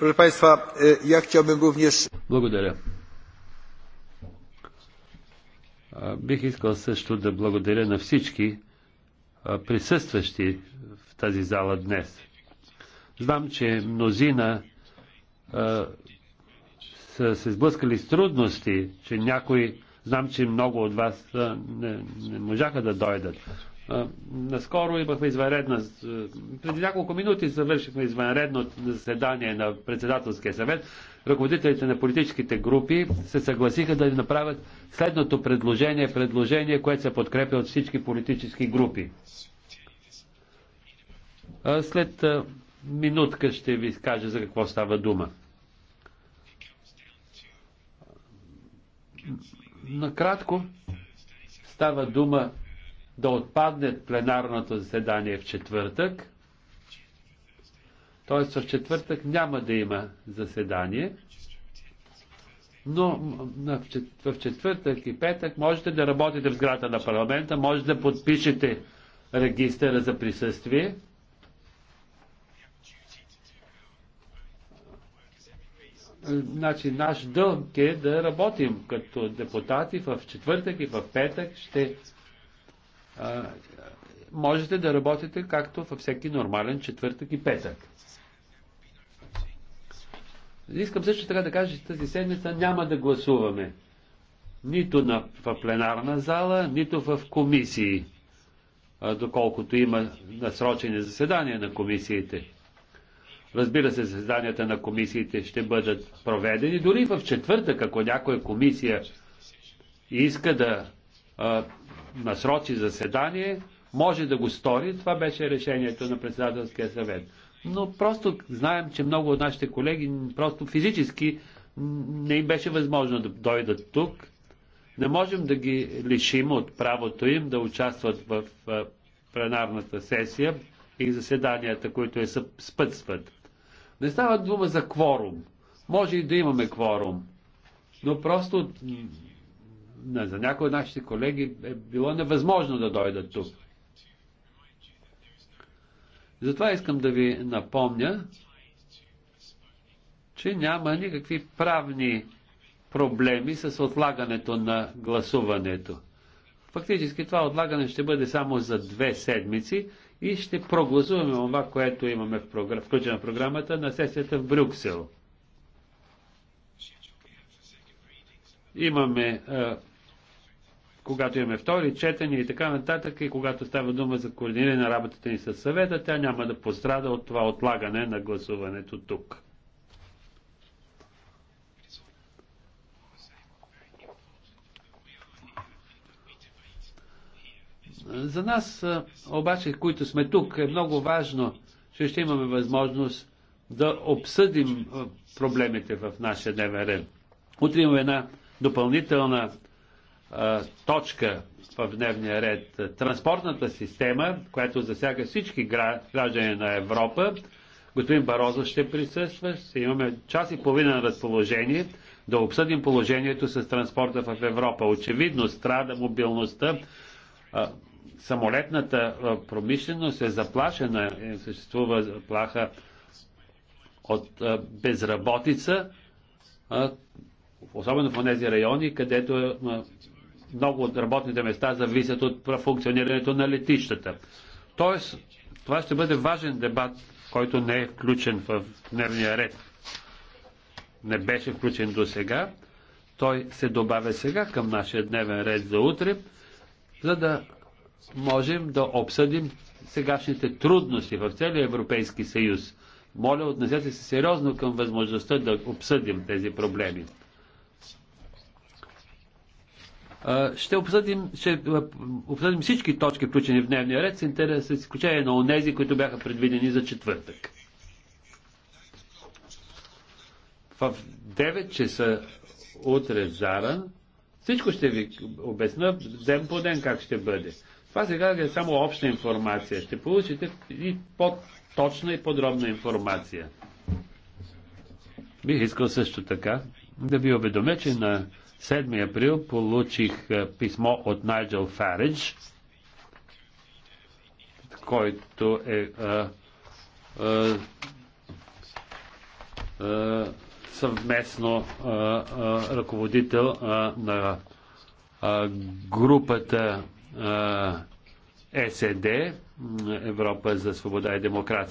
Proszę Państwa, e, ja chciałbym również... Благодаря. Бих искал също да благодаря на всички присъстващи в тази зала днес. Знам, че мнозина са се сблъскали с трудности, че някои, знам, че много от вас не, не можаха да дойдат. Наскоро имахме извънредна. Преди няколко минути завършихме извънредно заседание на председателския съвет. Ръководителите на политическите групи се съгласиха да направят следното предложение, предложение, което се подкрепя от всички политически групи. След минутка ще ви кажа за какво става дума. Накратко става дума да отпадне пленарното заседание в четвъртък. Т.е. в четвъртък няма да има заседание. Но в четвъртък и петък можете да работите в сграда на парламента, може да подпишете регистъра за присъствие. Значи, наш дълг е да работим като депутати в четвъртък и в петък. Ще можете да работите както във всеки нормален четвъртък и петък. Искам също така да кажа, че тази седмица няма да гласуваме. Нито на, в пленарна зала, нито в комисии, доколкото има насрочени заседания на комисиите. Разбира се, заседанията на комисиите ще бъдат проведени. Дори в четвъртък, ако някоя комисия иска да а, насрочи заседание, може да го стори. Това беше решението на председателския съвет. Но просто знаем, че много от нашите колеги просто физически не им беше възможно да дойдат тук. Не можем да ги лишим от правото им да участват в пленарната сесия и заседанията, които е спътстват. Не става дума за кворум. Може и да имаме кворум. Но просто за някои от нашите колеги е било невъзможно да дойдат тук. Затова искам да ви напомня, че няма никакви правни проблеми с отлагането на гласуването. Фактически това отлагане ще бъде само за две седмици и ще прогласуваме това, което имаме в програ... включено в програмата на сесията в Брюксел. Имаме когато имаме втори четения и така нататък, и когато става дума за координиране на работата ни с съвета, тя няма да пострада от това отлагане на гласуването тук. За нас, обаче, които сме тук, е много важно, че ще имаме възможност да обсъдим проблемите в нашия дневен ред. Утре имаме една допълнителна точка в дневния ред. Транспортната система, която засяга всички граждани на Европа, господин Барозов ще присъства, ще имаме час и половина на разположение да обсъдим положението с транспорта в Европа. Очевидно страда мобилността, самолетната промишленост е заплашена, съществува заплаха от безработица, особено в тези райони, където много от работните места зависят от функционирането на летищата. Тоест, това ще бъде важен дебат, който не е включен в дневния ред. Не беше включен до сега. Той се добавя сега към нашия дневен ред за утре, за да можем да обсъдим сегашните трудности в целия Европейски съюз. Моля, отнесете се сериозно към възможността да обсъдим тези проблеми. Ще обсъдим, ще обсъдим всички точки, включени в дневния ред, с интерес, с изключение на онези, които бяха предвидени за четвъртък. В 9 часа утре заран всичко ще ви обясна ден по ден как ще бъде. Това сега е само обща информация. Ще получите и по-точна и подробна информация. Бих искал също така да ви уведомя, че на 7 април получих е, писмо от Найджел Фаридж, който е а, е, а, е, съвместно а, а, ръководител а, на а, групата а, СД Европа за свобода и демокрация.